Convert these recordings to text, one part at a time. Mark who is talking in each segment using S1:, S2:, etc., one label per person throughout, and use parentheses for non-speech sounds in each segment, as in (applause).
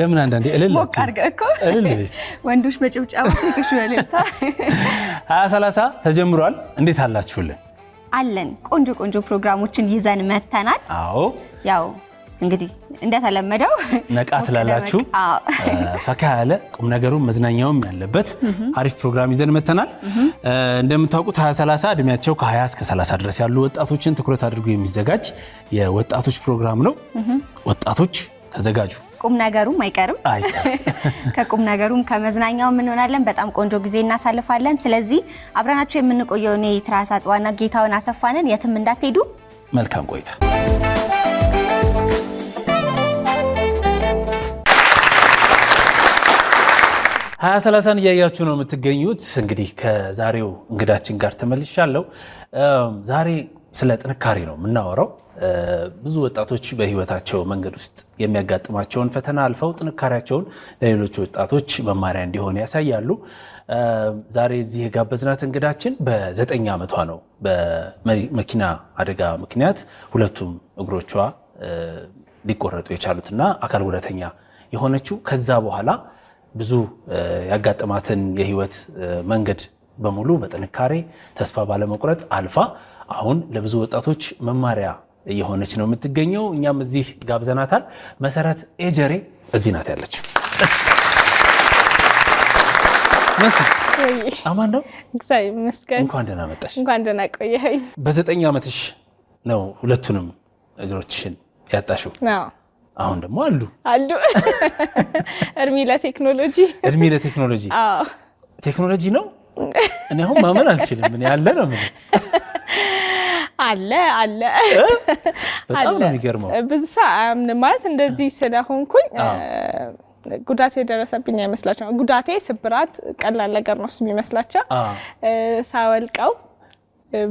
S1: ለምን አንዳንዴ እልል ሞቅ አድርገህ እኮ እልል
S2: ወንዶች በጭብጫ ሴቶች በእልልታ
S1: ሀያ ሰላሳ ተጀምሯል። እንዴት አላችሁልን?
S2: አለን ቆንጆ ቆንጆ ፕሮግራሞችን ይዘን መተናል። አዎ ያው እንግዲህ እንደተለመደው
S1: ነቃ ትላላችሁ። ፈካ ያለ ቁም ነገሩ መዝናኛውም ያለበት አሪፍ ፕሮግራም ይዘን መተናል። እንደምታውቁት 2030 እድሜያቸው ከ20 እስከ 30 ድረስ ያሉ ወጣቶችን ትኩረት አድርጎ የሚዘጋጅ የወጣቶች ፕሮግራም ነው። ወጣቶች ተዘጋጁ።
S2: ቁም ነገሩም አይቀርም። (laughs) ከቁም ነገሩም ከመዝናኛው እንሆናለን። በጣም ቆንጆ ጊዜ እናሳልፋለን። ስለዚህ አብረናችሁ የምንቆየው እኔ ትራሳ አጽዋና ጌታውን አሰፋንን። የትም እንዳትሄዱ።
S1: መልካም ቆይታ ሀያ ሰላሳን እያያችሁ ነው የምትገኙት። እንግዲህ ከዛሬው እንግዳችን ጋር ተመልሻለሁ ዛሬ ስለ ጥንካሬ ነው የምናወራው። ብዙ ወጣቶች በህይወታቸው መንገድ ውስጥ የሚያጋጥማቸውን ፈተና አልፈው ጥንካሬያቸውን ለሌሎች ወጣቶች መማሪያ እንዲሆን ያሳያሉ። ዛሬ እዚህ የጋበዝናት እንግዳችን በዘጠኝ ዓመቷ ነው በመኪና አደጋ ምክንያት ሁለቱም እግሮቿ ሊቆረጡ የቻሉትና አካል ጉዳተኛ የሆነችው ከዛ በኋላ ብዙ ያጋጠማትን የህይወት መንገድ በሙሉ በጥንካሬ ተስፋ ባለመቁረጥ አልፋ አሁን ለብዙ ወጣቶች መማሪያ እየሆነች ነው የምትገኘው። እኛም እዚህ ጋብዘናታል። መሰረት ኤጀሬ እዚህ ናት ያለችው። አማን ነው ይመስገን። እንኳን ደህና መጣሽ።
S2: እንኳን ደህና ቆየኸኝ።
S1: በዘጠኝ ዓመትሽ ነው ሁለቱንም እግሮችሽን ያጣሽው። አሁን ደግሞ አሉ
S2: አሉ። (laughs) እድሜ ለቴክኖሎጂ
S1: እድሜ ለቴክኖሎጂ ቴክኖሎጂ ነው። (laughs) እኔ አሁን ማመን አልችልም። ያለ ነው ምን
S2: አለ አለ። (laughs)
S1: በጣም ነው የሚገርመው።
S2: ብዙ ሰው አያምንም ማለት እንደዚህ ስለሆንኩኝ ጉዳቴ የደረሰብኝ አይመስላቸው። ጉዳቴ ስብራት ቀላል ነገር ነው የሚመስላቸው። ሳወልቀው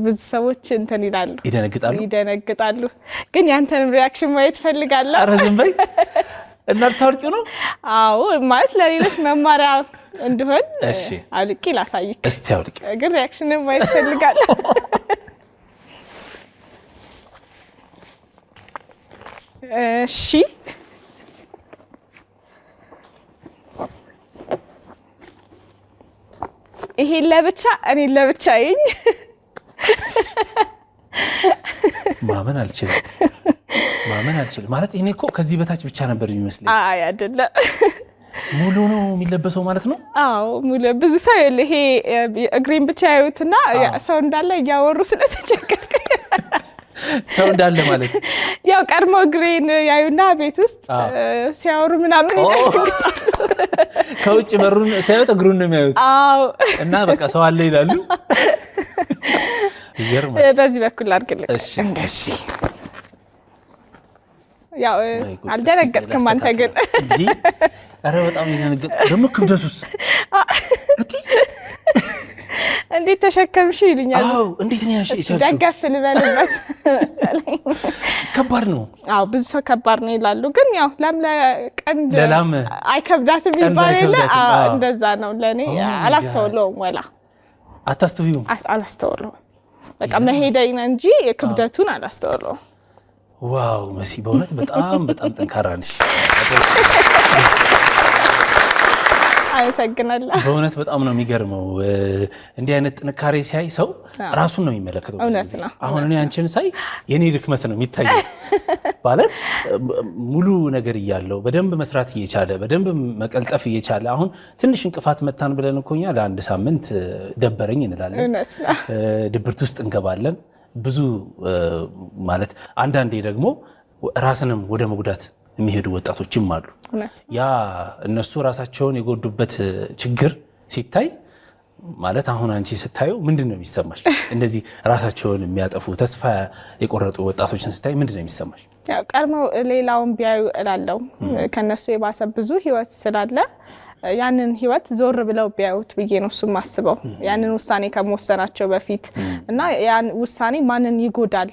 S2: ብዙ ሰዎች እንትን ይላሉ፣ ይደነግጣሉ ይደነግጣሉ። ግን ያንተንም ሪያክሽን ማየት ፈልጋለሁ።
S1: ኧረ ዝም በይ (laughs) እና ልታወልቂ ነው?
S2: አዎ ማለት ለሌሎች መማሪያ እንዲሆን አውልቂ ላሳይክ። እስቲ አውልቂ፣ ግን ሪያክሽንን ማየት ፈልጋለሁ። (laughs) እሺ ይሄን ለብቻ እኔን ለብቻ ይኝ
S1: ማመን አልችልም፣ ማመን አልችልም። ማለት እኔ እኮ ከዚህ በታች ብቻ ነበር የሚመስለኝ።
S2: አይ አይደለም፣
S1: ሙሉ ነው የሚለበሰው ማለት ነው።
S2: አዎ ሙሉ። ብዙ ሰው ይሄ እግሬን ብቻ ያዩትና ሰው እንዳለ እያወሩ ስለተቸገርኩ
S1: ሰው እንዳለ ማለት
S2: ያው ቀድሞ እግሬን ያዩና ቤት ውስጥ ሲያወሩ ምናምን ይደነግጣሉ።
S1: ከውጭ በሩን ሲያዩት እግሩን ነው የሚያዩት አዎ። እና በቃ ሰው አለ ይላሉ።
S2: በዚህ በኩል አድርግልህ እንደዚህ። ያው አልደነገጥክም አንተ ግን።
S1: ኧረ በጣም ደነገጥኩ ደግሞ ክብደቱስ
S2: እንዴት ተሸከምሽ ይሉኛል።
S1: እንዴት ነው ያልሽው?
S2: ደገፍ ልበልበት (laughs)
S1: መሰለኝ። ከባድ ነው።
S2: አዎ ብዙ ሰው ከባድ ነው ይላሉ። ግን ያው ላም ለቀንድ ለላም አይከብዳትም ይባል የለ እንደዛ ነው። ለእኔ oh አላስተውለውም። ወላ አታስተውዩም? አላስተውለውም። በቃ መሄደኝ ነው እንጂ ክብደቱን ah. አላስተውለውም።
S1: ዋው መሲ፣ በእውነት በጣም በጣም ጠንካራ ነሽ። (laughs)
S2: አመሰግናለሁ።
S1: በእውነት በጣም ነው የሚገርመው። እንዲህ አይነት ጥንካሬ ሲያይ ሰው ራሱን ነው የሚመለከተው። አሁን እኔ አንቺን ሳይ የኔ ድክመት ነው የሚታየ (laughs) ማለት ሙሉ ነገር እያለው በደንብ መስራት እየቻለ በደንብ መቀልጠፍ እየቻለ አሁን ትንሽ እንቅፋት መታን ብለን እኮ እኛ ለአንድ ሳምንት ደበረኝ እንላለን፣ ድብርት ውስጥ እንገባለን። ብዙ ማለት አንዳንዴ ደግሞ ራስንም ወደ መጉዳት የሚሄዱ ወጣቶችም አሉ። ያ እነሱ ራሳቸውን የጎዱበት ችግር ሲታይ ማለት አሁን አንቺ ስታዩ ምንድን ነው የሚሰማሽ? (laughs) እንደዚህ ራሳቸውን የሚያጠፉ ተስፋ የቆረጡ ወጣቶችን ስታይ ምንድን ነው የሚሰማሽ?
S2: ቀድመው ሌላውን ቢያዩ እላለው ከነሱ የባሰ ብዙ ህይወት ስላለ ያንን ህይወት ዞር ብለው ቢያዩት ብዬ ነው እሱም አስበው ያንን ውሳኔ ከመወሰናቸው በፊት እና ያን ውሳኔ ማንን ይጎዳል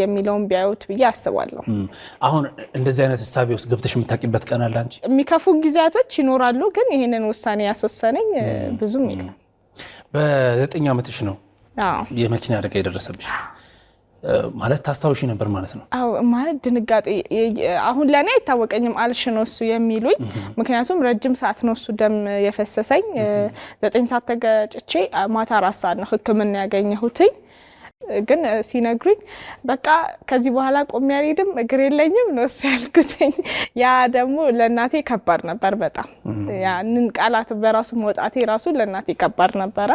S2: የሚለውን ቢያዩት ብዬ አስባለሁ።
S1: አሁን እንደዚህ አይነት እሳቤ ውስጥ ገብተሽ የምታውቂበት ቀን አለ አንቺ?
S2: የሚከፉ ጊዜያቶች ይኖራሉ፣ ግን ይህንን ውሳኔ ያስወሰነኝ ብዙም የለም።
S1: በዘጠኝ ዓመትሽ ነው የመኪና አደጋ የደረሰብሽ ማለት ታስታውሽ ነበር ማለት ነው?
S2: አዎ ማለት ድንጋጤ አሁን ለእኔ አይታወቀኝም። አልሽ ነው እሱ የሚሉኝ ምክንያቱም ረጅም ሰዓት ነው እሱ ደም የፈሰሰኝ። ዘጠኝ ሰዓት ተገጭቼ ማታ አራት ሰዓት ነው ሕክምና ያገኘሁትኝ። ግን ሲነግሩኝ በቃ ከዚህ በኋላ ቆሜ አልሄድም እግር የለኝም ነው ያልኩትኝ። ያ ደግሞ ለእናቴ ከባድ ነበር በጣም ያንን ቃላት በራሱ መውጣቴ ራሱ ለእናቴ ከባድ ነበረ።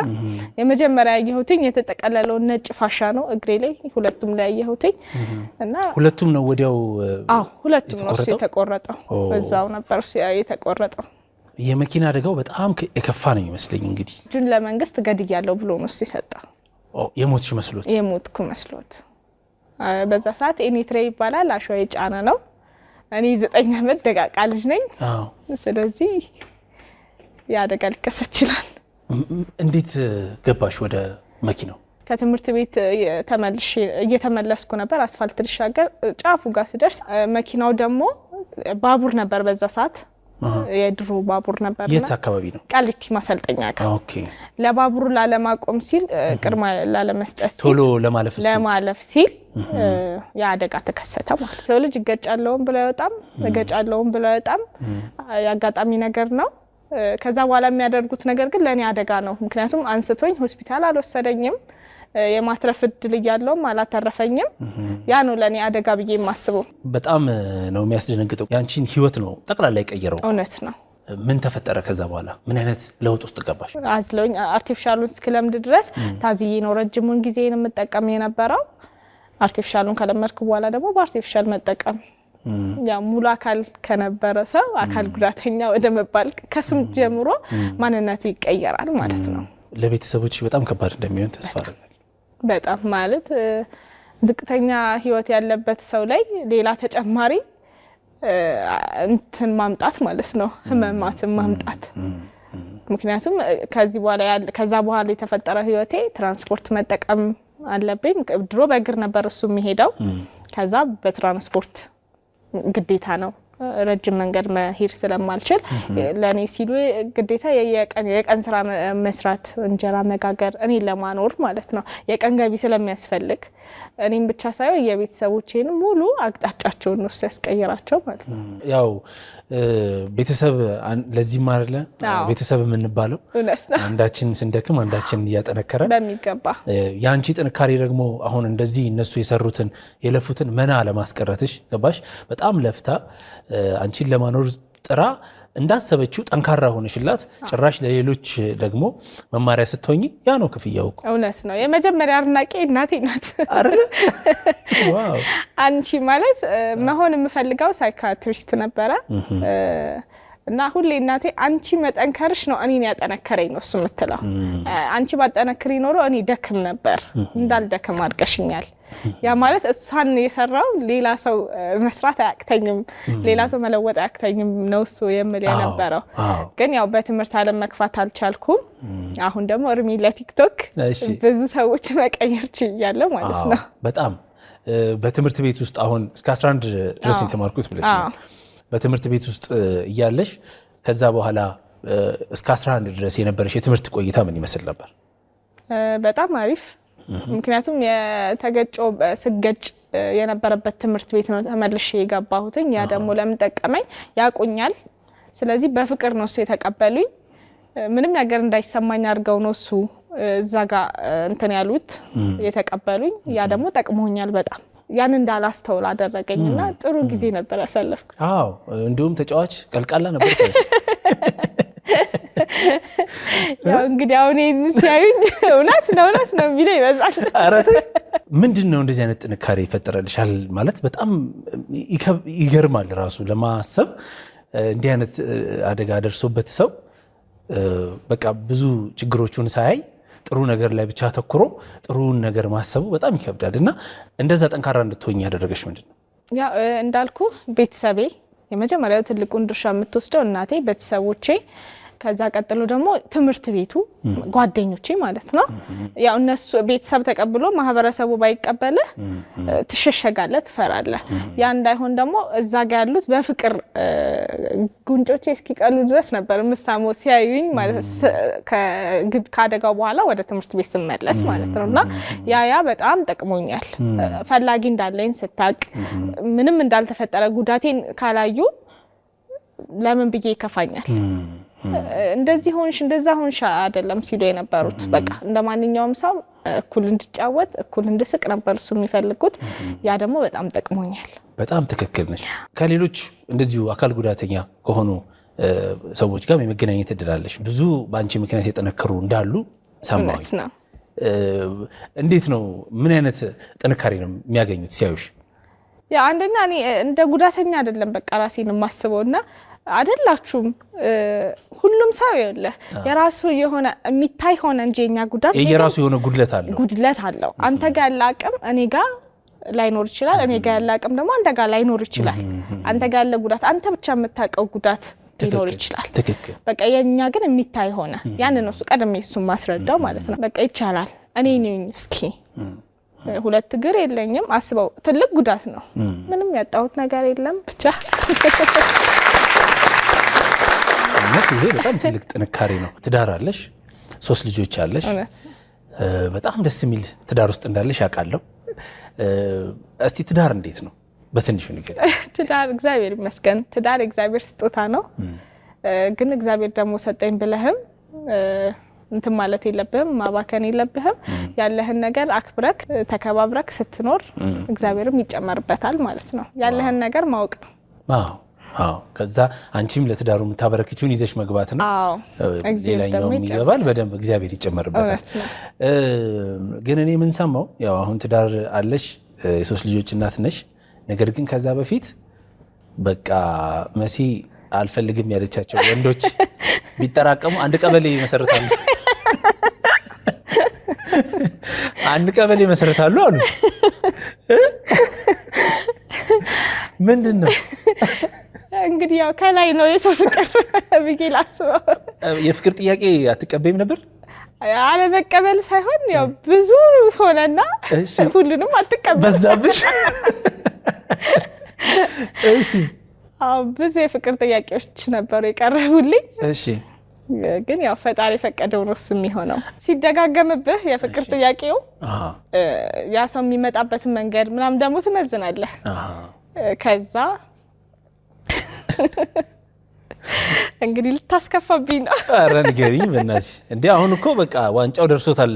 S2: የመጀመሪያ ያየሁትኝ የተጠቀለለውን ነጭ ፋሻ ነው እግሬ ላይ ሁለቱም ላይ ያየሁትኝ
S1: እና ሁለቱም ነው ወዲያው
S2: ሁለቱም ነው የተቆረጠው፣ እዛው ነበር የተቆረጠው።
S1: የመኪና አደጋው በጣም የከፋ ነው ይመስለኝ። እንግዲህ
S2: እጁን ለመንግስት ገድያለሁ ብሎ ነው የሰጠው
S1: የሞትሽ መስሎት
S2: የሞትኩ መስሎት በዛ ሰዓት ኤኒትሬ ይባላል አሸዋ የጫነ ነው። እኔ ዘጠኝ ዓመት ደቃቃ ልጅ ነኝ። ስለዚህ የአደጋ ሊከሰት ይችላል።
S1: እንዴት ገባሽ ወደ መኪናው?
S2: ከትምህርት ቤት እየተመለስኩ ነበር። አስፋልት ልሻገር ጫፉ ጋር ስደርስ መኪናው ደግሞ ባቡር ነበር በዛ ሰዓት የድሮ ባቡር ነበር።
S1: የት አካባቢ ነው?
S2: ቃሊቲ ማሰልጠኛ ጋር ለባቡሩ ላለማቆም ሲል ቅድማ ላለመስጠት
S1: ቶሎ ለማለፍ
S2: ለማለፍ ሲል የአደጋ ተከሰተ ማለት ሰው ልጅ እገጫለውን ብሎ አይወጣም፣ እገጫለውን ብሎ አይወጣም። የአጋጣሚ ነገር ነው። ከዛ በኋላ የሚያደርጉት ነገር ግን ለእኔ አደጋ ነው። ምክንያቱም አንስቶኝ ሆስፒታል አልወሰደኝም። የማትረፍ እድል እያለውም አላተረፈኝም። ያ ነው ለእኔ አደጋ ብዬ የማስበው።
S1: በጣም ነው የሚያስደነግጠው። ያንቺን ህይወት ነው ጠቅላላ የቀየረው። እውነት ነው። ምን ተፈጠረ? ከዛ በኋላ ምን አይነት ለውጥ ውስጥ ገባሽ?
S2: አዝለውኝ አርቲፊሻሉን እስክለምድ ድረስ ታዝዬ ነው ረጅሙን ጊዜ የምጠቀም የነበረው። አርቲፊሻሉን ከለመድኩ በኋላ ደግሞ በአርቲፊሻል መጠቀም ያ ሙሉ አካል ከነበረ ሰው አካል ጉዳተኛ ወደ መባል ከስም ጀምሮ ማንነት ይቀየራል ማለት ነው።
S1: ለቤተሰቦች በጣም ከባድ እንደሚሆን ተስፋ
S2: በጣም ማለት ዝቅተኛ ህይወት ያለበት ሰው ላይ ሌላ ተጨማሪ እንትን ማምጣት ማለት ነው፣ ህመማትን ማምጣት። ምክንያቱም ከዚህ በኋላ ከዛ በኋላ የተፈጠረ ህይወቴ ትራንስፖርት መጠቀም አለብኝ። ድሮ በእግር ነበር እሱ የሚሄደው፣ ከዛ በትራንስፖርት ግዴታ ነው ረጅም መንገድ መሄድ ስለማልችል ለእኔ ሲሉ ግዴታ የቀን ስራ መስራት፣ እንጀራ መጋገር እኔን ለማኖር ማለት ነው። የቀን ገቢ ስለሚያስፈልግ እኔም ብቻ ሳይሆን የቤተሰቦቼን ሙሉ አቅጣጫቸውን ነው እሱ ያስቀይራቸው ማለት ነው
S1: ያው ቤተሰብ ለዚህ ማለ ቤተሰብ የምንባለው አንዳችን ስንደክም አንዳችን እያጠነከረ በሚገባ የአንቺ ጥንካሬ ደግሞ አሁን እንደዚህ እነሱ የሰሩትን የለፉትን መና ለማስቀረትሽ ገባሽ በጣም ለፍታ አንቺን ለማኖር ጥራ እንዳሰበችው ጠንካራ ሆነሽላት፣ ጭራሽ ለሌሎች ደግሞ መማሪያ ስትሆኝ ያ ነው ክፍያው።
S2: እውነት ነው። የመጀመሪያ አድናቂ እናቴ ናት። አንቺ ማለት መሆን የምፈልገው ሳይካትሪስት ነበረ እና ሁሌ እናቴ አንቺ መጠንከርሽ ነው እኔን ያጠነከረኝ ነው እሱ የምትለው። አንቺ ባጠነክሪ ኖሮ እኔ ደክም ነበር፣ እንዳልደክም አድርገሽኛል ያ ማለት እሷን የሰራው ሌላ ሰው መስራት አያቅተኝም፣ ሌላ ሰው መለወጥ አያቅተኝም ነው እሱ የምል የነበረው። ግን ያው በትምህርት አለም መግፋት አልቻልኩም። አሁን ደግሞ እርሚ ለቲክቶክ ብዙ ሰዎች መቀየር ችያለሁ ማለት ነው።
S1: በጣም በትምህርት ቤት ውስጥ አሁን እስከ 11 ድረስ የተማርኩት ብለሽ በትምህርት ቤት ውስጥ እያለሽ ከዛ በኋላ እስከ 11 ድረስ የነበረሽ የትምህርት ቆይታ ምን ይመስል ነበር?
S2: በጣም አሪፍ ምክንያቱም የተገጮ ስገጭ የነበረበት ትምህርት ቤት ነው ተመልሼ የገባሁትኝ። ያ ደግሞ ለምን ጠቀመኝ? ያቁኛል። ስለዚህ በፍቅር ነው እሱ የተቀበሉኝ። ምንም ነገር እንዳይሰማኝ አድርገው ነው እሱ እዛ ጋ እንትን ያሉት የተቀበሉኝ። ያ ደግሞ ጠቅሞኛል በጣም ያን እንዳላስተውል አደረገኝ እና ጥሩ ጊዜ ነበር ያሳለፍኩት።
S1: አዎ እንዲሁም ተጫዋች ቀልቃላ ነበር (laughs)
S2: ያው እንግዲህ አሁን ይህን ሲያዩኝ እውነት ነው እውነት ነው የሚለው ይበዛል።
S1: ኧረ ምንድን ነው እንደዚህ አይነት ጥንካሬ ይፈጠረልሻል ማለት በጣም ይገርማል። ራሱ ለማሰብ እንዲህ አይነት አደጋ ደርሶበት ሰው በቃ ብዙ ችግሮቹን ሳያይ ጥሩ ነገር ላይ ብቻ አተኩሮ ጥሩን ነገር ማሰቡ በጣም ይከብዳል እና እንደዛ ጠንካራ እንድትሆኝ ያደረገች ምንድን ነው?
S2: ያው እንዳልኩ ቤተሰቤ የመጀመሪያው ትልቁን ድርሻ የምትወስደው እናቴ ቤተሰቦቼ ከዛ ቀጥሎ ደግሞ ትምህርት ቤቱ ጓደኞቼ ማለት ነው። ያው እነሱ ቤተሰብ ተቀብሎ ማህበረሰቡ ባይቀበልህ ትሸሸጋለህ፣ ትፈራለህ። ያ እንዳይሆን ደግሞ እዛ ጋ ያሉት በፍቅር ጉንጮቼ እስኪቀሉ ድረስ ነበር ምሳሞ ሲያዩኝ ከአደጋው በኋላ ወደ ትምህርት ቤት ስመለስ ማለት ነው። እና ያ ያ በጣም ጠቅሞኛል። ፈላጊ እንዳለኝ ስታቅ ምንም እንዳልተፈጠረ ጉዳቴን ካላዩ ለምን ብዬ ይከፋኛል። እንደዚህ ሆንሽ እንደዛ ሆንሽ አይደለም ሲሉ የነበሩት። በቃ እንደ ማንኛውም ሰው እኩል እንድጫወት እኩል እንድስቅ ነበር እሱ የሚፈልጉት። ያ ደግሞ በጣም ጠቅሞኛል።
S1: በጣም ትክክል ነች። ከሌሎች እንደዚሁ አካል ጉዳተኛ ከሆኑ ሰዎች ጋር የመገናኘት እድላለች። ብዙ በአንቺ ምክንያት የጠነከሩ እንዳሉ ሰማሁኝ። እንዴት ነው? ምን አይነት ጥንካሬ ነው የሚያገኙት ሲያዩሽ?
S2: አንደኛ እኔ እንደ ጉዳተኛ አይደለም በቃ ራሴን የማስበው እና አይደላችሁም። ሁሉም ሰው ይኸውልህ የራሱ የሆነ የሚታይ ሆነ እንጂ የኛ ጉዳት
S1: የራሱ የሆነ ጉድለት አለው
S2: ጉድለት አለው። አንተ ጋር ያለ አቅም እኔ ጋር ላይኖር ይችላል። እኔ ጋር ያለ አቅም ደግሞ አንተ ጋር ላይኖር ይችላል። አንተ ጋር ያለ ጉዳት አንተ ብቻ የምታውቀው ጉዳት
S1: ሊኖር ይችላል።
S2: ትክክል። በቃ የኛ ግን የሚታይ ሆነ ያን ነው እሱ ቀደም እሱን ማስረዳው ማለት ነው። በቃ ይቻላል። እኔ ነኝ እስኪ ሁለት እግር የለኝም አስበው። ትልቅ ጉዳት ነው። ምንም ያጣሁት ነገር የለም ብቻ
S1: ማለት ይሄ በጣም ትልቅ ጥንካሬ ነው። ትዳር አለሽ፣ ሶስት ልጆች አለሽ። በጣም ደስ የሚል ትዳር ውስጥ እንዳለሽ አውቃለሁ። እስቲ ትዳር እንዴት ነው በትንሹ ንገሪኝ።
S2: ትዳር እግዚአብሔር ይመስገን፣ ትዳር እግዚአብሔር ስጦታ ነው። ግን እግዚአብሔር ደግሞ ሰጠኝ ብለህም እንትን ማለት የለብህም ማባከን የለብህም። ያለህን ነገር አክብረክ ተከባብረክ ስትኖር እግዚአብሔርም ይጨመርበታል ማለት ነው። ያለህን ነገር ማወቅ ነው።
S1: ከዛ አንቺም ለትዳሩ የምታበረክችውን ይዘሽ መግባት ነው። ሌላኛውም ይገባል በደንብ እግዚአብሔር ይጨመርበታል። ግን እኔ የምንሰማው ያው አሁን ትዳር አለሽ፣ የሶስት ልጆች እናት ነሽ። ነገር ግን ከዛ በፊት በቃ መሲ አልፈልግም ያለቻቸው ወንዶች ቢጠራቀሙ አንድ ቀበሌ ይመሰርታሉ፣ አንድ ቀበሌ ይመሰርታሉ አሉ። ምንድን ነው
S2: እንግዲህ ያው ከላይ ነው የሰው ፍቅር (laughs) ብዬ ላስበው።
S1: የፍቅር ጥያቄ አትቀበይም ነበር?
S2: አለመቀበል ሳይሆን ያው ብዙ ሆነና (laughs) ሁሉንም አትቀበል በዛብሽ። (laughs) እሺ ብዙ የፍቅር ጥያቄዎች ነበሩ የቀረቡልኝ። እሺ ግን ያው ፈጣሪ የፈቀደው ነው እሱ የሚሆነው። ሲደጋገምብህ የፍቅር ጥያቄው ያ ሰው የሚመጣበትን መንገድ ምናምን ደግሞ ትመዝናለህ ከዛ እንግዲህ ልታስከፋብኝ ነው።
S1: ኧረ ንገሪኝ በእናትሽ እንዴ! አሁን እኮ በቃ ዋንጫው ደርሶታል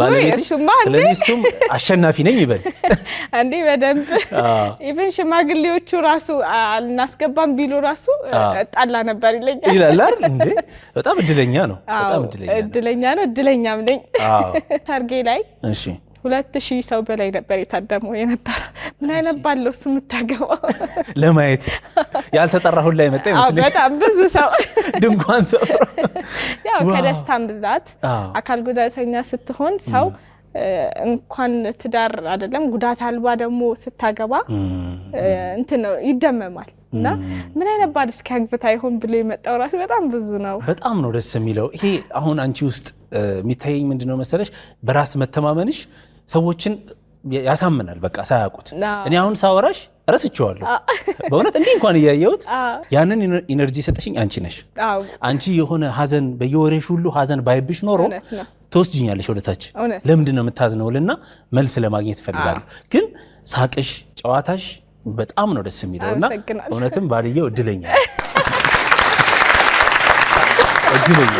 S2: ባለቤትሽ። ስለዚህ እሱም
S1: አሸናፊ ነኝ ይበል (laughs)
S2: እንዴ! በደንብ ኢቨን ሽማግሌዎቹ ራሱ አልናስገባም ቢሉ ራሱ ጣላ ነበር ይለኛል
S1: ይላል (laughs) እንዴ! በጣም እድለኛ ነው።
S2: በጣም እድለኛ ነው። እድለኛም ነኝ ታርጌ ላይ እሺ ሁለት ሺህ ሰው በላይ ነበር የታደመው የነበረ። ምን አይነት ባለው እሱ የምታገባው
S1: ለማየት ያልተጠራ ሁላ የመጣ ይመስለኛል።
S2: በጣም ብዙ ሰው
S1: (laughs) ድንኳን ሰው
S2: ያው ከደስታም ብዛት አካል ጉዳተኛ ስትሆን ሰው እንኳን ትዳር አይደለም ጉዳት አልባ ደግሞ ስታገባ እንትን ነው ይደመማል። እና ምን አይነት ባል እስኪ አግብታ ይሆን ብሎ የመጣው ራሱ በጣም ብዙ ነው።
S1: በጣም ነው ደስ የሚለው። ይሄ አሁን አንቺ ውስጥ የሚታየኝ ምንድነው መሰለሽ በራስ መተማመንሽ ሰዎችን ያሳምናል። በቃ ሳያውቁት እኔ አሁን ሳወራሽ ረስቼዋለሁ። በእውነት እንዲህ እንኳን እያየሁት ያንን ኢነርጂ ሰጠሽኝ አንቺ ነሽ። አንቺ የሆነ ሀዘን በየወሬሽ ሁሉ ሀዘን ባይብሽ ኖሮ ትወስጅኛለሽ ወደታች ለምንድን ነው የምታዝነው ልና መልስ ለማግኘት እፈልጋለሁ። ግን ሳቅሽ፣ ጨዋታሽ በጣም ነው ደስ የሚለው እና እውነትም ባልየው እድለኛ እድለኛ።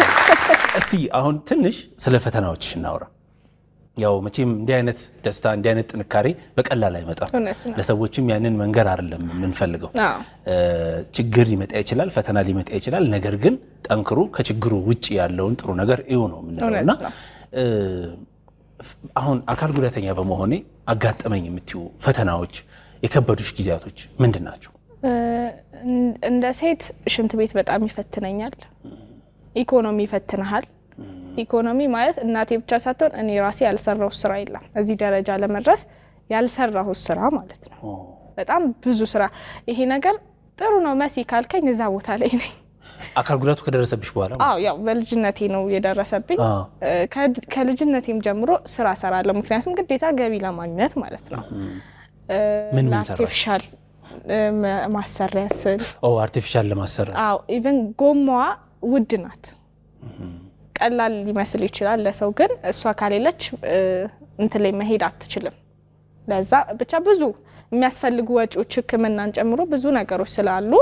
S1: እስቲ አሁን ትንሽ ስለ ፈተናዎችሽ እናውራ። ያው መቼም እንዲህ አይነት ደስታ እንዲህ አይነት ጥንካሬ በቀላል አይመጣም። ለሰዎችም ያንን መንገድ አይደለም የምንፈልገው። ችግር ሊመጣ ይችላል፣ ፈተና ሊመጣ ይችላል። ነገር ግን ጠንክሩ፣ ከችግሩ ውጭ ያለውን ጥሩ ነገር እዩ ነው የምንለው እና አሁን አካል ጉዳተኛ በመሆኔ አጋጠመኝ የምትዩ ፈተናዎች፣ የከበዱሽ ጊዜያቶች ምንድን ናቸው?
S2: እንደ ሴት ሽንት ቤት በጣም ይፈትነኛል። ኢኮኖሚ ይፈትንሃል ኢኮኖሚ ማለት እናቴ ብቻ ሳትሆን እኔ ራሴ ያልሰራሁት ስራ የለም። እዚህ ደረጃ ለመድረስ ያልሰራሁት ስራ ማለት ነው። በጣም ብዙ ስራ። ይሄ ነገር ጥሩ ነው መሲ ካልከኝ እዛ ቦታ ላይ ነኝ።
S1: አካል ጉዳቱ ከደረሰብሽ በኋላ?
S2: አዎ ያው በልጅነቴ ነው የደረሰብኝ። ከልጅነቴም ጀምሮ ስራ ሰራለሁ፣ ምክንያቱም ግዴታ ገቢ ለማግኘት ማለት ነው።
S1: ምን አርቲፊሻል
S2: ማሰሪያ ስል
S1: አርቲፊሻል ለማሰሪያ
S2: ኢቨን ጎማዋ ውድ ናት ቀላል ሊመስል ይችላል ለሰው ግን እሷ ካሌለች እንትን ላይ መሄድ አትችልም። ለዛ ብቻ ብዙ የሚያስፈልጉ ወጪዎች ሕክምናን ጨምሮ ብዙ ነገሮች ስላሉ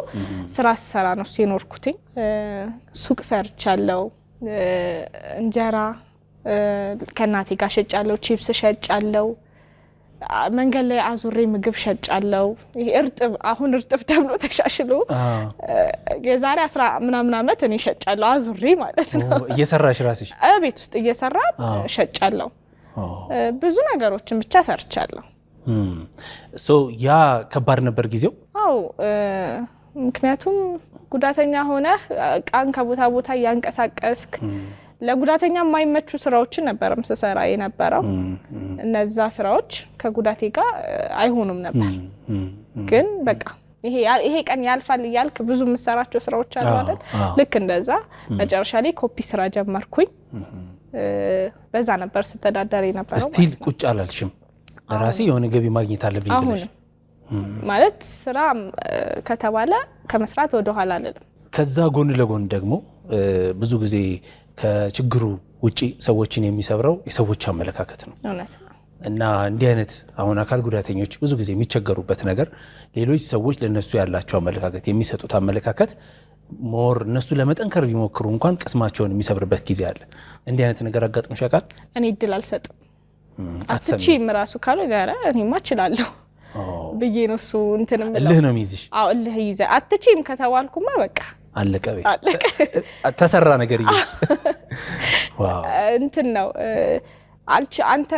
S2: ስራ ስሰራ ነው ሲኖርኩትኝ። ሱቅ ሰርቻለው፣ እንጀራ ከእናቴ ጋር ሸጫለው፣ ቺፕስ ሸጫለው መንገድ ላይ አዙሬ ምግብ ሸጫለው። ይሄ እርጥብ አሁን እርጥብ ተብሎ ተሻሽሎ የዛሬ አስራ ምናምን ዓመት እኔ ሸጫለው አዙሬ ማለት
S1: ነው። እየሰራሽ ራስሽ
S2: ቤት ውስጥ እየሰራ ሸጫለው። ብዙ ነገሮችን ብቻ ሰርቻለሁ።
S1: ያ ከባድ ነበር ጊዜው።
S2: አው ምክንያቱም ጉዳተኛ ሆነህ እቃን ከቦታ ቦታ እያንቀሳቀስክ ለጉዳተኛ የማይመቹ ስራዎችን ነበረም ስሰራ የነበረው። እነዛ ስራዎች ከጉዳቴ ጋር አይሆኑም ነበር፣ ግን በቃ ይሄ ቀን ያልፋል እያልክ ብዙ የምሰራቸው ስራዎች አሉ አይደል? ልክ እንደዛ መጨረሻ ላይ ኮፒ ስራ ጀመርኩኝ። በዛ ነበር ስተዳደር የነበረው።
S1: ቁጭ አላልሽም? ለራሴ የሆነ ገቢ ማግኘት አለብኝ
S2: ብለሽ ማለት ስራ ከተባለ ከመስራት ወደኋላ አልልም።
S1: ከዛ ጎን ለጎን ደግሞ ብዙ ጊዜ ከችግሩ ውጪ ሰዎችን የሚሰብረው የሰዎች አመለካከት ነው እና እንዲህ አይነት አሁን አካል ጉዳተኞች ብዙ ጊዜ የሚቸገሩበት ነገር ሌሎች ሰዎች ለነሱ ያላቸው አመለካከት የሚሰጡት አመለካከት ሞር እነሱ ለመጠንከር ቢሞክሩ እንኳን ቅስማቸውን የሚሰብርበት ጊዜ አለ። እንዲህ አይነት ነገር አጋጥሞሽ ያውቃል?
S2: እኔ እድል አልሰጥም። አትችይም ራሱ ካሉ እኔማ እችላለሁ ብዬ ነው እሱ እንትን
S1: እልህ ነው የሚይዝሽ።
S2: አዎ እልህ ይዘ አትችይም ከተባልኩማ በቃ
S1: አለቀ ተሰራ ነገር (laughs)
S2: እንትን ነው አልች አንተ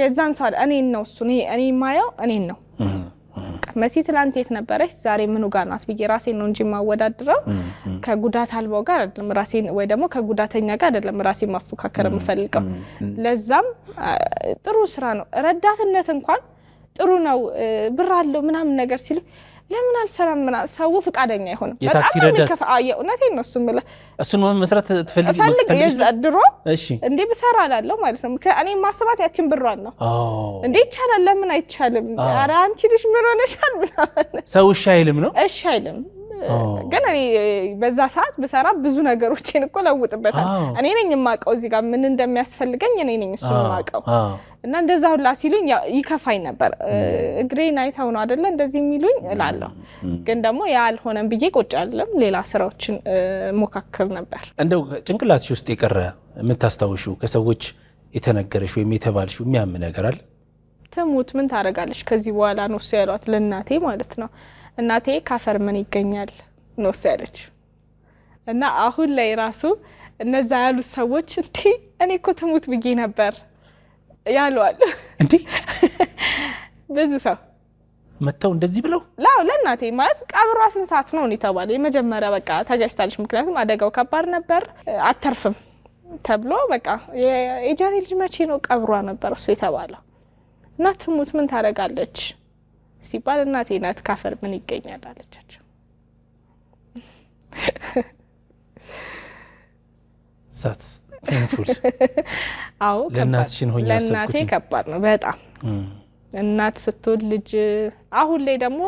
S2: የዛን ሰው እኔን ነው እሱ እኔ የማየው እኔን ነው መሲ ትላንት የት ነበረች ዛሬ ምኑ ጋር ናት ብዬ ራሴን ነው እንጂ የማወዳድረው ከጉዳት አልባው ጋር አይደለም ራሴን ወይ ደግሞ ከጉዳተኛ ጋር አይደለም ራሴን ማፎካከር የምፈልገው ለዛም ጥሩ ስራ ነው ረዳትነት እንኳን ጥሩ ነው ብር አለው ምናምን ነገር ሲሉ ለምን አልሰራም ምናምን ሰው ፍቃደኛ አይሆንም።
S1: የታክሲ ረዳት
S2: የእውነቴን ነው። እሱ የምልህ
S1: እሱን መስራት
S2: ትፈልግ ድሮ እንዴ ብሰራ አላለው ማለት ነው። እኔ ማስባት ያችን ብሯን ነው እንዴ ይቻላል፣ ለምን አይቻልም? ኧረ አንቺ ልጅ ምን ሆነሻል? ምናምን
S1: ሰው እሺ አይልም ነው
S2: እሺ አይልም ግን እኔ በዛ ሰዓት ብሰራ ብዙ ነገሮችን እኮ ለውጥበታል። እኔ ነኝ የማውቀው እዚህ ጋር ምን እንደሚያስፈልገኝ እኔ ነኝ እሱ የማውቀው እና እንደዛ ሁላ ሲሉኝ ይከፋኝ ነበር። እግሬን አይተው ነው አደለ እንደዚህ የሚሉኝ እላለሁ። ግን ደግሞ ያ አልሆነም ብዬ ቁጭ አለም ሌላ ስራዎችን ሞካክር ነበር።
S1: እንደው ጭንቅላትሽ ውስጥ የቀረ የምታስታውሹ ከሰዎች የተነገረሽ ወይም የተባልሽ የሚያም ነገር አለ?
S2: ትሙት ምን ታደርጋለች ከዚህ በኋላ ነው እሱ ያሏት ለእናቴ ማለት ነው እናቴ ካፈር ምን ይገኛል ነው ሲያለች እና አሁን ላይ ራሱ እነዛ ያሉት ሰዎች እንዲ እኔ እኮ ትሙት ብዬ ነበር ያለዋል። እንዲ (laughs) ብዙ ሰው
S1: መጥተው እንደዚህ ብለው
S2: ላው ለእናቴ ማለት ቀብሯ ስንት ሰዓት ነው የተባለ የመጀመሪያ በቃ ተጃጅታለች። ምክንያቱም አደጋው ከባድ ነበር አተርፍም ተብሎ በቃ የጃኔ ልጅ መቼ ነው ቀብሯ ነበር እሱ የተባለው እና ትሙት ምን ታደርጋለች ሲባል እናቴ ናት ካፈር ምን ይገኛል አለቻቸው።
S1: ዛት (laughs) አዎ ለእናትሽን ሆኛ ለእናቴ
S2: ከባድ ነው በጣም እናት ስትሆን ልጅ። አሁን ላይ ደግሞ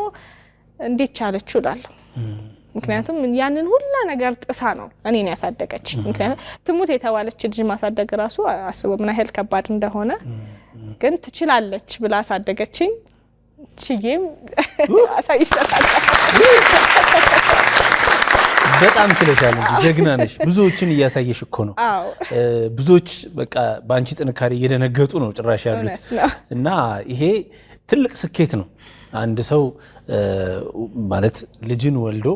S2: እንዴት ቻለችው እላለሁ። ምክንያቱም ያንን ሁላ ነገር ጥሳ ነው እኔን ያሳደገች። ምክንያቱም ትሙት የተባለች ልጅ ማሳደግ ራሱ አስበው ምን ያህል ከባድ እንደሆነ፣ ግን ትችላለች ብላ አሳደገችኝ። ችዬም አሳይቻታል።
S1: በጣም ችለሻል። ጀግና ነሽ። ብዙዎችን እያሳየሽ እኮ ነው። ብዙዎች በቃ በአንቺ ጥንካሬ እየደነገጡ ነው ጭራሽ ያሉት እና ይሄ ትልቅ ስኬት ነው። አንድ ሰው ማለት ልጅን ወልዶ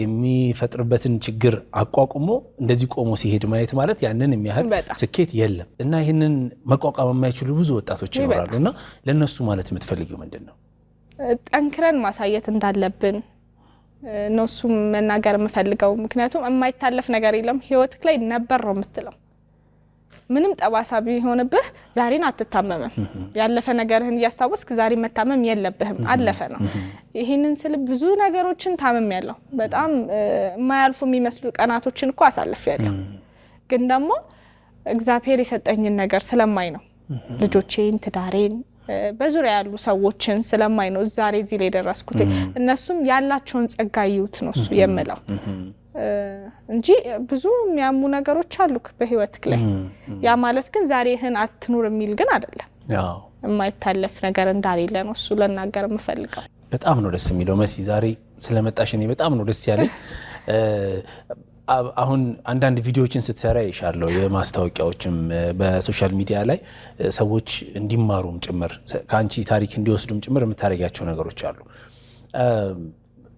S1: የሚፈጥርበትን ችግር አቋቁሞ እንደዚህ ቆሞ ሲሄድ ማየት ማለት ያንን የሚያህል ስኬት የለም እና ይህንን መቋቋም የማይችሉ ብዙ ወጣቶች ይኖራሉ እና ለእነሱ ማለት የምትፈልጊው ምንድን ነው?
S2: ጠንክረን ማሳየት እንዳለብን ነው እሱም መናገር የምፈልገው። ምክንያቱም የማይታለፍ ነገር የለም። ህይወትክ ላይ ነበር ነው የምትለው። ምንም ጠባሳ ቢሆንብህ ዛሬን አትታመምም። ያለፈ ነገርህን እያስታወስክ ዛሬ መታመም የለብህም። አለፈ ነው። ይህንን ስል ብዙ ነገሮችን ታመም ያለው በጣም የማያልፉ የሚመስሉ ቀናቶችን እኮ አሳልፍ ያለው ግን ደግሞ እግዚአብሔር የሰጠኝን ነገር ስለማይ ነው ልጆቼን፣ ትዳሬን በዙሪያ ያሉ ሰዎችን ስለማይ ነው ዛሬ እዚህ ላይ የደረስኩት። እነሱም ያላቸውን ጸጋ ይዩት ነው እሱ የምለው እንጂ ብዙ የሚያሙ ነገሮች አሉክ በህይወትክ ላይ። ያ ማለት ግን ዛሬ ህን አትኑር የሚል ግን አይደለም፣ የማይታለፍ ነገር እንዳሌለ ነው እሱ ልናገር የምፈልገው።
S1: በጣም ነው ደስ የሚለው መሲ፣ ዛሬ ስለመጣሽ እኔ በጣም ነው ደስ ያለኝ። አሁን አንዳንድ ቪዲዮዎችን ስትሰራ ይሻለው የማስታወቂያዎችም በሶሻል ሚዲያ ላይ ሰዎች እንዲማሩም ጭምር ከአንቺ ታሪክ እንዲወስዱም ጭምር የምታደርጊያቸው ነገሮች አሉ።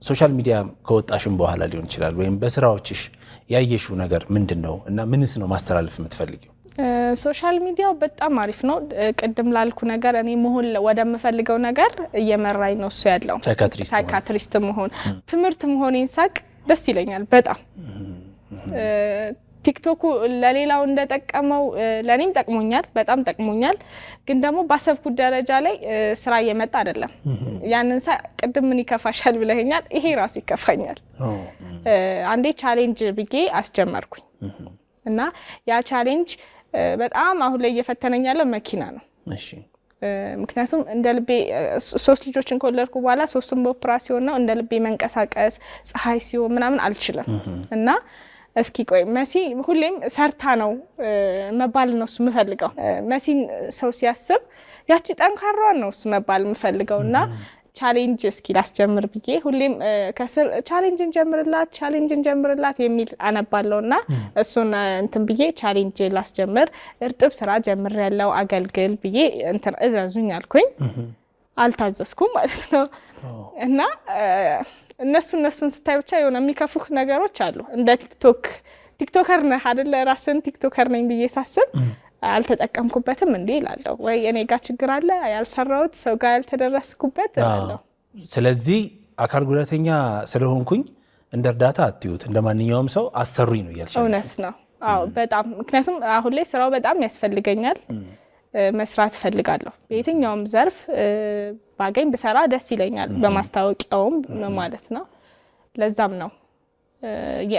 S1: ሶሻል ሚዲያ ከወጣሽም በኋላ ሊሆን ይችላል ወይም በስራዎችሽ ያየሽው ነገር ምንድን ነው እና ምንስ ነው ማስተላለፍ የምትፈልጊው?
S2: ሶሻል ሚዲያው በጣም አሪፍ ነው። ቅድም ላልኩ ነገር እኔ መሆን ወደምፈልገው ነገር እየመራኝ ነው እሱ ያለው ሳይካትሪስት መሆን ትምህርት መሆኔን ሳቅ ደስ ይለኛል በጣም ቲክቶኩ ለሌላው እንደጠቀመው ለእኔም ጠቅሞኛል፣ በጣም ጠቅሞኛል። ግን ደግሞ ባሰብኩት ደረጃ ላይ ስራ እየመጣ አይደለም። ያንን ሳ ቅድም ምን ይከፋሻል ብለኸኛል። ይሄ ራሱ ይከፋኛል። አንዴ ቻሌንጅ ብዬ አስጀመርኩኝ እና ያ ቻሌንጅ በጣም አሁን ላይ እየፈተነኝ ያለው መኪና ነው። ምክንያቱም እንደ ልቤ ሶስት ልጆችን ከወለድኩ በኋላ ሶስቱም በኦፕራሲዮን ነው። እንደ ልቤ መንቀሳቀስ ፀሐይ ሲሆን ምናምን አልችልም እና እስኪ ቆይ መሲ ሁሌም ሰርታ ነው መባል ነው እሱ የምፈልገው። መሲን ሰው ሲያስብ ያቺ ጠንካሯን ነው እሱ መባል የምፈልገው እና ቻሌንጅ እስኪ ላስጀምር ብዬ ሁሌም ከስር ቻሌንጅን ጀምርላት ቻሌንጅን ጀምርላት የሚል አነባለው እና እሱን እንትን ብዬ ቻሌንጅ ላስጀምር እርጥብ ስራ ጀምር ያለው አገልግል ብዬ እንትን እዘዙኝ አልኩኝ። አልታዘዝኩም ማለት ነው እና እነሱ እነሱን ስታይ ብቻ የሆነ የሚከፉህ ነገሮች አሉ እንደ ቲክቶክ ቲክቶከር ነህ አደለ? ራስን ቲክቶከር ነኝ ብዬ ሳስብ አልተጠቀምኩበትም እንዲህ ይላለሁ ወይ እኔ ጋር ችግር አለ ያልሰራሁት ሰው ጋር ያልተደረስኩበት እላለሁ።
S1: ስለዚህ አካል ጉዳተኛ ስለሆንኩኝ እንደ እርዳታ አትዩት፣ እንደ ማንኛውም ሰው አሰሩኝ ነው እያልሽ? እውነት
S2: ነው። አዎ በጣም ምክንያቱም አሁን ላይ ስራው በጣም ያስፈልገኛል፣ መስራት እፈልጋለሁ። በየትኛውም ዘርፍ ባገኝ ብሰራ ደስ ይለኛል፣ በማስታወቂያውም ማለት ነው። ለዛም ነው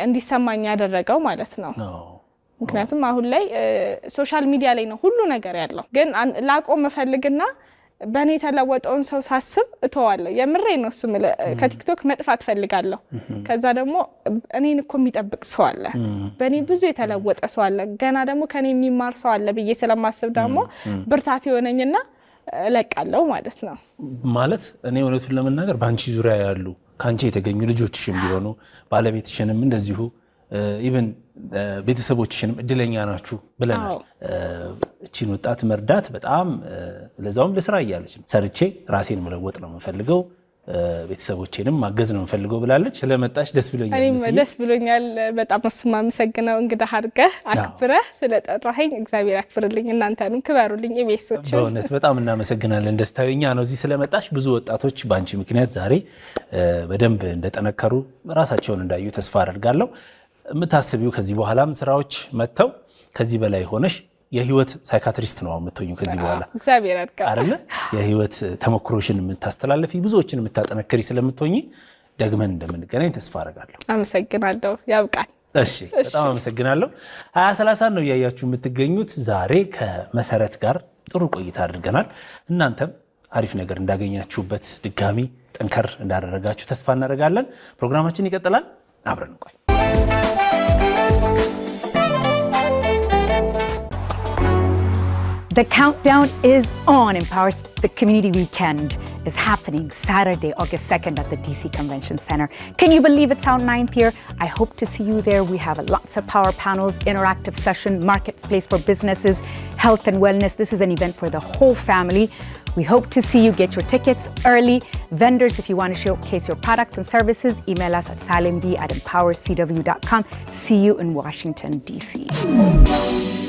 S2: እንዲሰማኝ ያደረገው ማለት ነው። ምክንያቱም አሁን ላይ ሶሻል ሚዲያ ላይ ነው ሁሉ ነገር ያለው። ግን ላቆ መፈልግና በእኔ የተለወጠውን ሰው ሳስብ እተዋለሁ። የምሬ ነው። እሱ ከቲክቶክ መጥፋት ፈልጋለሁ። ከዛ ደግሞ እኔን እኮ የሚጠብቅ ሰው አለ፣ በእኔ ብዙ የተለወጠ ሰው አለ፣ ገና ደግሞ ከኔ የሚማር ሰው አለ ብዬ ስለማስብ ደግሞ ብርታት የሆነኝና እለቃለሁ ማለት ነው።
S1: ማለት እኔ እውነቱን ለመናገር በአንቺ ዙሪያ ያሉ ከአንቺ የተገኙ ልጆችሽም ቢሆኑ ባለቤትሽንም እንደዚሁ ኢቨን ቤተሰቦችሽንም እድለኛ ናችሁ ብለናል። እቺን ወጣት መርዳት በጣም ለዛውም ለስራ እያለች ነው። ሰርቼ ራሴን መለወጥ ነው የምፈልገው ቤተሰቦቼንም ማገዝ ነው የምፈልገው ብላለች። ስለመጣች ደስ ብሎኛል።
S2: ደስ ብሎኛል በጣም እሱ አመሰግነው እንግዳ አድርገህ አክብረህ ስለጠራኸኝ እግዚአብሔር አክብርልኝ። እናንተንም ክበሩልኝ ቤተሰቦች። በእውነት
S1: በጣም እናመሰግናለን። ደስታዊኛ ነው እዚህ ስለመጣች። ብዙ ወጣቶች በአንቺ ምክንያት ዛሬ በደንብ እንደጠነከሩ ራሳቸውን እንዳዩ ተስፋ አደርጋለሁ። የምታስቢው ከዚህ በኋላም ስራዎች መጥተው ከዚህ በላይ ሆነሽ የህይወት ሳይካትሪስት ነው የምትሆኙ ከዚህ በኋላ አይደለ? የህይወት ተሞክሮሽን የምታስተላለፊ ብዙዎችን የምታጠነክሪ ስለምትሆኝ ደግመን እንደምንገናኝ ተስፋ አደርጋለሁ።
S2: አመሰግናለሁ። ያብቃል።
S1: እሺ፣ በጣም አመሰግናለሁ። ሀያ ሰላሳ ነው እያያችሁ የምትገኙት። ዛሬ ከመሰረት ጋር ጥሩ ቆይታ አድርገናል። እናንተም አሪፍ ነገር እንዳገኛችሁበት ድጋሚ ጠንከር እንዳደረጋችሁ ተስፋ እናደርጋለን። ፕሮግራማችን ይቀጥላል። አብረን እንቆይ።
S3: The countdown is on. Empowers the Community Weekend is happening Saturday, August 2nd at the DC Convention Center. Can you believe it's our ninth year? I hope to see you there. We have lots of power panels, interactive session, marketplace for businesses, health and wellness. This is an event for the whole family. We hope to see you get your tickets early. Vendors, if you want to showcase your products and services, email us at salimb at empowercw.com. See you in Washington, D.C.